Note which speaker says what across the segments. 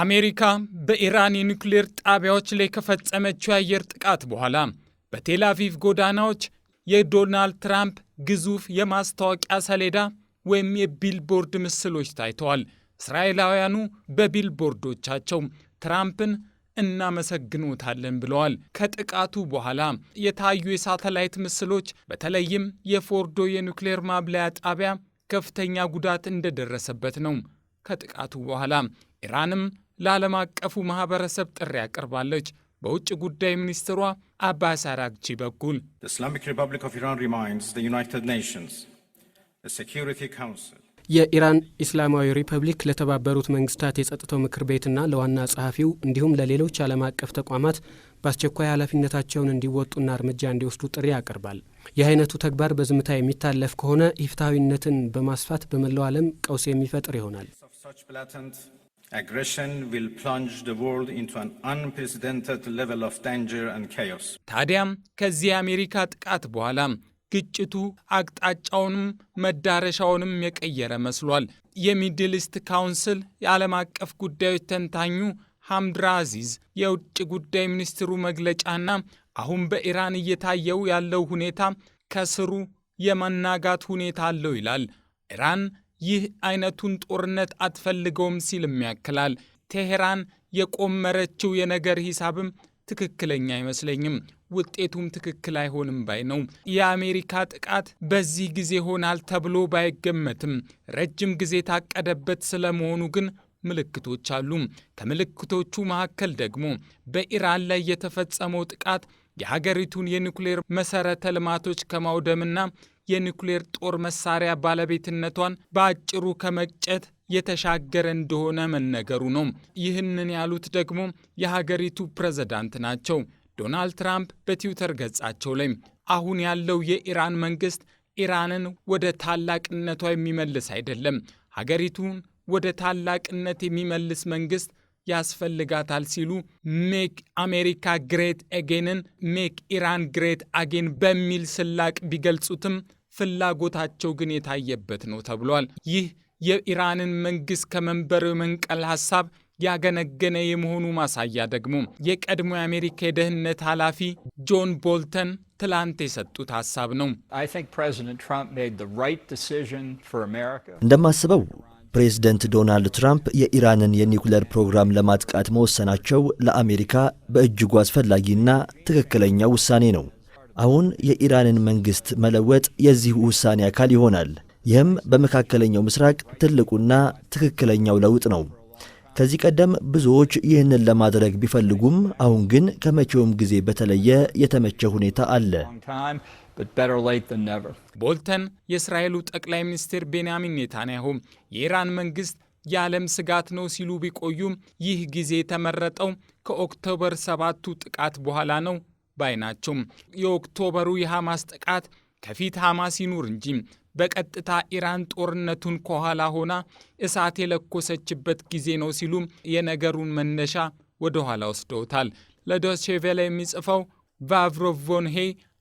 Speaker 1: አሜሪካ በኢራን የኒውክሌር ጣቢያዎች ላይ ከፈጸመችው የአየር ጥቃት በኋላ በቴል አቪቭ ጎዳናዎች የዶናልድ ትራምፕ ግዙፍ የማስታወቂያ ሰሌዳ ወይም የቢልቦርድ ምስሎች ታይተዋል። እስራኤላውያኑ በቢልቦርዶቻቸው ትራምፕን እናመሰግኖታለን ብለዋል። ከጥቃቱ በኋላ የታዩ የሳተላይት ምስሎች በተለይም የፎርዶ የኒውክሌር ማብለያ ጣቢያ ከፍተኛ ጉዳት እንደደረሰበት ነው። ከጥቃቱ በኋላ ኢራንም ለዓለም አቀፉ ማህበረሰብ ጥሪ አቅርባለች። በውጭ ጉዳይ ሚኒስትሯ አባስ አራግቺ በኩል
Speaker 2: የኢራን ኢስላማዊ ሪፐብሊክ ለተባበሩት መንግስታት የጸጥታው ምክር ቤትና ለዋና ጸሐፊው እንዲሁም ለሌሎች ዓለም አቀፍ ተቋማት በአስቸኳይ ኃላፊነታቸውን እንዲወጡና እርምጃ እንዲወስዱ ጥሪ ያቀርባል። ይህ አይነቱ ተግባር በዝምታ የሚታለፍ ከሆነ ኢፍትሐዊነትን በማስፋት በመላው ዓለም ቀውስ የሚፈጥር ይሆናል።
Speaker 1: ታዲያም ከዚህ የአሜሪካ ጥቃት በኋላ ግጭቱ አቅጣጫውንም መዳረሻውንም የቀየረ መስሏል። የሚድል ካውንስል የዓለም አቀፍ ጉዳዮች ተንታኙ ሐምድራ አዚዝ የውጭ ጉዳይ ሚኒስትሩ መግለጫና አሁን በኢራን እየታየው ያለው ሁኔታ ከስሩ የመናጋት ሁኔታ አለው ይላል። ኢራን ይህ አይነቱን ጦርነት አትፈልገውም ሲልም ያክላል። ቴሄራን የቆመረችው የነገር ሂሳብም ትክክለኛ አይመስለኝም፣ ውጤቱም ትክክል አይሆንም ባይ ነው። የአሜሪካ ጥቃት በዚህ ጊዜ ሆናል ተብሎ ባይገመትም ረጅም ጊዜ ታቀደበት ስለመሆኑ ግን ምልክቶች አሉ። ከምልክቶቹ መካከል ደግሞ በኢራን ላይ የተፈጸመው ጥቃት የሀገሪቱን የኒውክሌር መሰረተ ልማቶች ከማውደምና የኒውክሌር ጦር መሳሪያ ባለቤትነቷን በአጭሩ ከመቅጨት የተሻገረ እንደሆነ መነገሩ ነው። ይህንን ያሉት ደግሞ የሀገሪቱ ፕሬዝዳንት ናቸው። ዶናልድ ትራምፕ በትዊተር ገጻቸው ላይ አሁን ያለው የኢራን መንግስት ኢራንን ወደ ታላቅነቷ የሚመልስ አይደለም፣ ሀገሪቱን ወደ ታላቅነት የሚመልስ መንግስት ያስፈልጋታል ሲሉ ሜክ አሜሪካ ግሬት አጌንን ሜክ ኢራን ግሬት አጌን በሚል ስላቅ ቢገልጹትም ፍላጎታቸው ግን የታየበት ነው ተብሏል። ይህ የኢራንን መንግስት ከመንበር መንቀል ሀሳብ ያገነገነ የመሆኑ ማሳያ ደግሞ የቀድሞ የአሜሪካ የደህንነት ኃላፊ ጆን ቦልተን ትላንት የሰጡት ሀሳብ ነው።
Speaker 2: እንደማስበው ፕሬዝደንት ዶናልድ ትራምፕ የኢራንን የኒውክለር ፕሮግራም ለማጥቃት መወሰናቸው ለአሜሪካ በእጅጉ አስፈላጊና ትክክለኛ ውሳኔ ነው። አሁን የኢራንን መንግሥት መለወጥ የዚህ ውሳኔ አካል ይሆናል። ይህም በመካከለኛው ምስራቅ ትልቁና ትክክለኛው ለውጥ ነው። ከዚህ ቀደም ብዙዎች ይህንን ለማድረግ ቢፈልጉም አሁን ግን ከመቼውም ጊዜ በተለየ የተመቸ ሁኔታ አለ።
Speaker 1: ቦልተን የእስራኤሉ ጠቅላይ ሚኒስትር ቤንያሚን ኔታንያሁ የኢራን መንግሥት የዓለም ስጋት ነው ሲሉ ቢቆዩም ይህ ጊዜ የተመረጠው ከኦክቶበር ሰባቱ ጥቃት በኋላ ነው ባይ ናቸው። የኦክቶበሩ የሐማስ ጥቃት ከፊት ሐማስ ይኑር እንጂ በቀጥታ ኢራን ጦርነቱን ከኋላ ሆና እሳት የለኮሰችበት ጊዜ ነው ሲሉ የነገሩን መነሻ ወደ ኋላ ወስደውታል። ለዶቼ የሚጽፈው ቫቭሮቭ ቮንሄ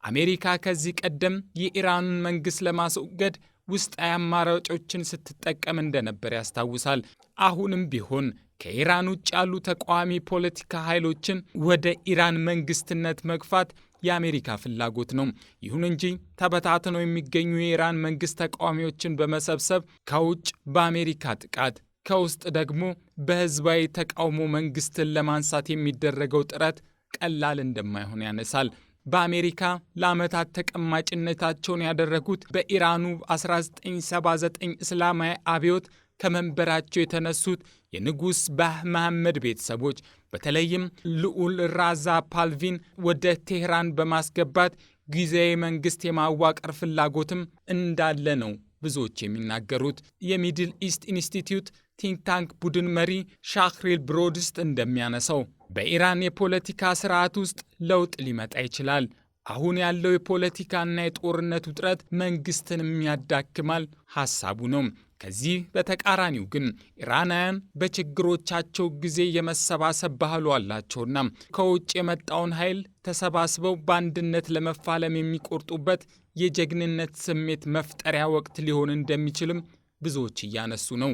Speaker 1: አሜሪካ ከዚህ ቀደም የኢራኑን መንግሥት ለማስወገድ ውስጣዊ አማራጮችን ስትጠቀም እንደነበር ያስታውሳል። አሁንም ቢሆን ከኢራን ውጭ ያሉ ተቃዋሚ ፖለቲካ ኃይሎችን ወደ ኢራን መንግስትነት መግፋት የአሜሪካ ፍላጎት ነው። ይሁን እንጂ ተበታትነው የሚገኙ የኢራን መንግስት ተቃዋሚዎችን በመሰብሰብ ከውጭ በአሜሪካ ጥቃት፣ ከውስጥ ደግሞ በህዝባዊ ተቃውሞ መንግስትን ለማንሳት የሚደረገው ጥረት ቀላል እንደማይሆን ያነሳል። በአሜሪካ ለዓመታት ተቀማጭነታቸውን ያደረጉት በኢራኑ 1979 እስላማዊ አብዮት ከመንበራቸው የተነሱት የንጉሥ ባህ መሐመድ ቤተሰቦች በተለይም ልዑል ራዛ ፓልቪን ወደ ቴህራን በማስገባት ጊዜያዊ መንግሥት የማዋቀር ፍላጎትም እንዳለ ነው ብዙዎች የሚናገሩት። የሚድል ኢስት ኢንስቲትዩት ቲንክ ታንክ ቡድን መሪ ሻክሪል ብሮድስት እንደሚያነሳው በኢራን የፖለቲካ ስርዓት ውስጥ ለውጥ ሊመጣ ይችላል። አሁን ያለው የፖለቲካና የጦርነት ውጥረት መንግስትንም ያዳክማል ሐሳቡ ነው። ከዚህ በተቃራኒው ግን ኢራናውያን በችግሮቻቸው ጊዜ የመሰባሰብ ባህሉ አላቸውና ከውጭ የመጣውን ኃይል ተሰባስበው በአንድነት ለመፋለም የሚቆርጡበት የጀግንነት ስሜት መፍጠሪያ ወቅት ሊሆን እንደሚችልም ብዙዎች እያነሱ ነው።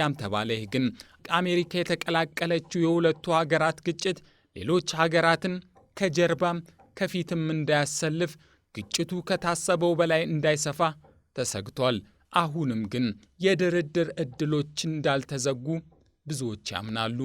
Speaker 1: ያም ተባለ ይህ ግን አሜሪካ የተቀላቀለችው የሁለቱ ሀገራት ግጭት ሌሎች ሀገራትን ከጀርባም ከፊትም እንዳያሰልፍ ግጭቱ ከታሰበው በላይ እንዳይሰፋ ተሰግቷል። አሁንም ግን የድርድር ዕድሎች እንዳልተዘጉ ብዙዎች ያምናሉ።